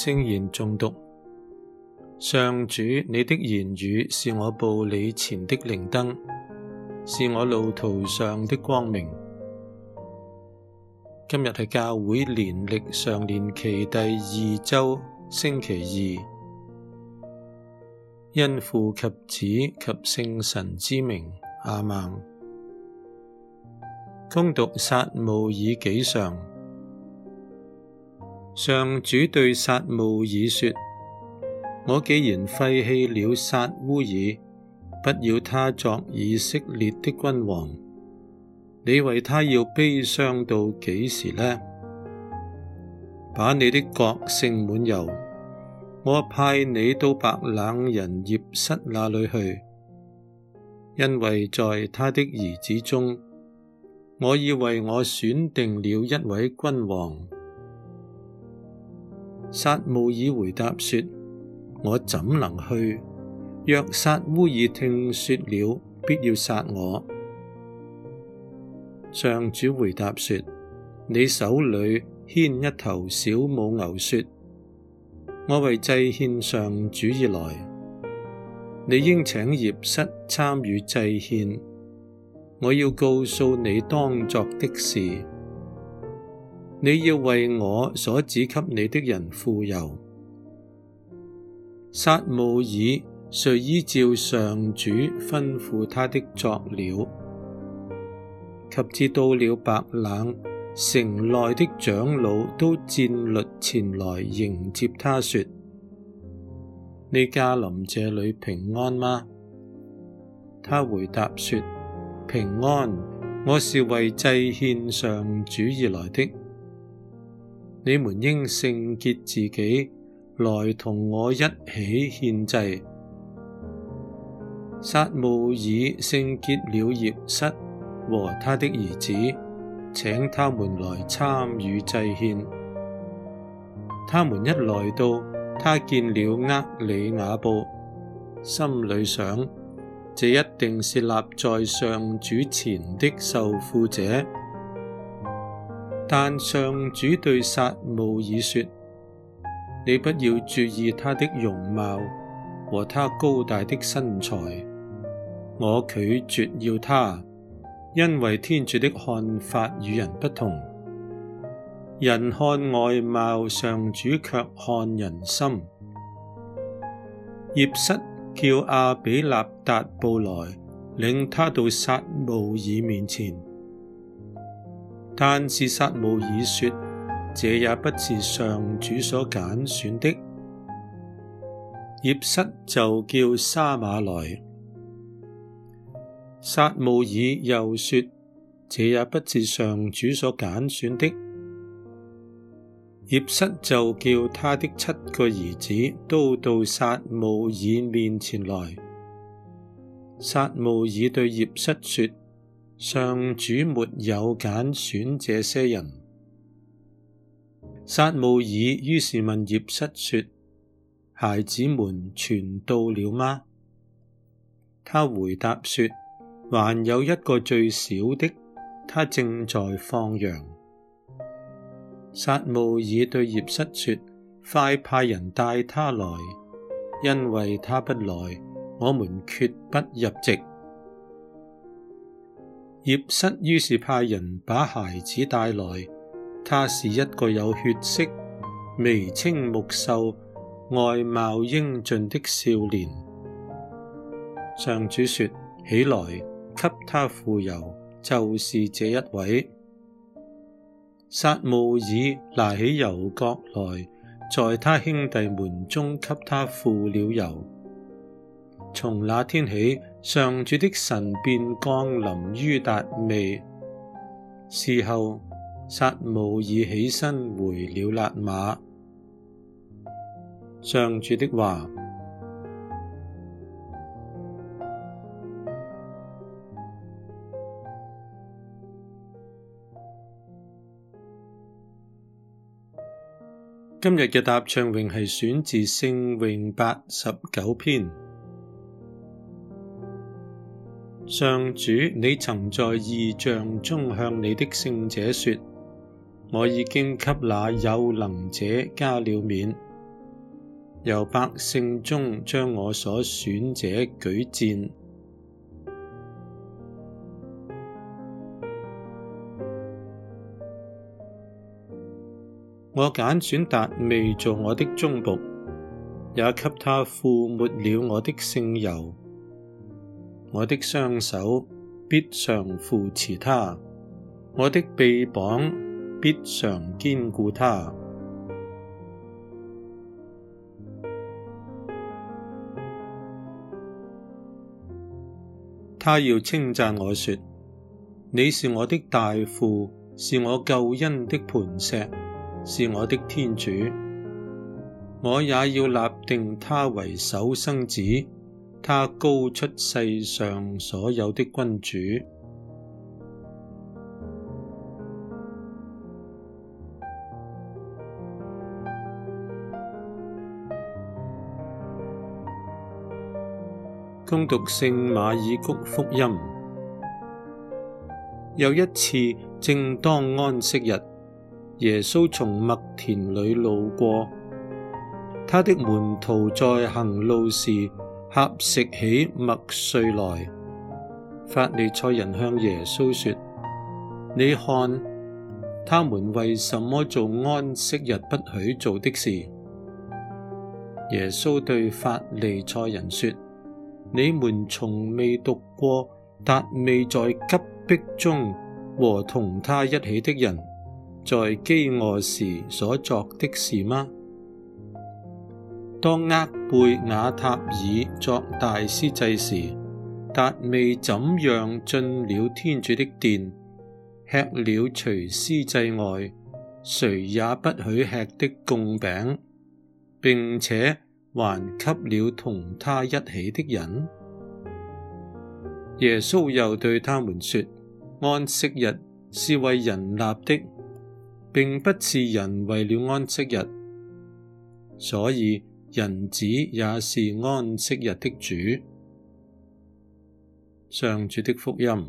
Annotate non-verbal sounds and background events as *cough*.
聖言誦讀，上主，你的言語是我步履前的靈燈，是我路途上的光明。今日係教會年曆上常年期第二周星期二，因父及子及聖神之名，阿門。恭讀撒慕爾紀上。上主對撒慕爾說：我既然廢棄了撒烏耳，不要他作以色列的君王。你為他要悲傷到幾時呢？把你的角盛滿油，我派你到白冷人葉瑟那裏去，因為在他的兒子中，我已為我選定了一位君王。撒慕爾回答說：我怎能去？若撒烏耳聽說了，必要殺我。上主回答說：你手裏牽一頭小母牛，說：我為祭獻上主而來，你應請葉瑟參與祭獻，我要告訴你當作的事。你要為我所指給你的人傅油。撒慕爾遂依照上主吩咐他的作了。及至到了白冷，城內的長老都戰慄前來迎接他，說：你駕臨這裏平安嗎？他回答說：平安，我是為祭獻上主而來的。你們應聖潔自己，來同我一起獻祭。撒慕爾聖潔了葉瑟和他的兒子，請他們來參與祭獻。他們一來到，他見了厄里雅布，心裏想：這一定是立在上主前的受傅者。但上主對撒慕爾說：你不要注意他的容貌和他高大的身材，我拒絕要他，因為天主的看法與人不同。人看外貌，上主卻看人心。葉瑟叫阿彼納達布來，領他到撒慕爾面前。但是撒慕爾說，這也不是上主所揀選的。葉瑟就叫沙瑪來。撒慕爾又說，這也不是上主所揀選的。葉瑟就叫他的七個兒子都到撒慕爾面前來。撒慕爾對葉瑟說。上主沒有揀選這些人。撒慕爾於是問葉瑟說：孩子們全到了嗎？他回答說：還有一個最小的，他正在放羊。撒慕爾對葉瑟說：快派人帶他來，因為他不來，我們決不入席。葉瑟於是派人把孩子帶來，他是一個有血色、眉清目秀、外貌英俊的少年。上主說：起來，給他傅油，就是這一位。撒慕爾拿起油角來，在他兄弟們中給他傅了油。從那天起，上主的神便降臨於達味。事後，撒慕爾起身回了辣瑪。上主的話：今日嘅答唱詠係選自聖詠八十九篇。上主，你曾在異象中向你的聖者說：我已經給那有能者加了冕，由百姓中將我所選者舉薦。 *music* 我揀選達味做我的忠僕，也給他傅抹了我的聖油。我的雙手必常扶持他，我的臂膀必常堅固他。 *noise* 他要稱讚我說：你是我的大父，是我救恩的磐石，是我的天主。我也要立定他為首生子。他高出世上所有的君主。恭讀聖馬爾谷福音。有一次，正當安息日，耶穌從麥田裏路過，他的門徒在行路時。掐食起麥穗來，法利賽人向耶穌說：「你看，他們為什麼做安息日不許做的事？耶穌對法利賽人說：「你們從未讀過，達味在急迫中和同他一起的人，在飢餓時所作的事嗎？當厄貝雅塔爾作大司祭時，達味怎樣進了天主的殿，吃了除司祭外，誰也不許吃的供餅，並且還給了同他一起的人。耶穌又對他們說：安息日是為人立的，並不是人為了安息日，所以。人子也是安息日的主。上主的福音。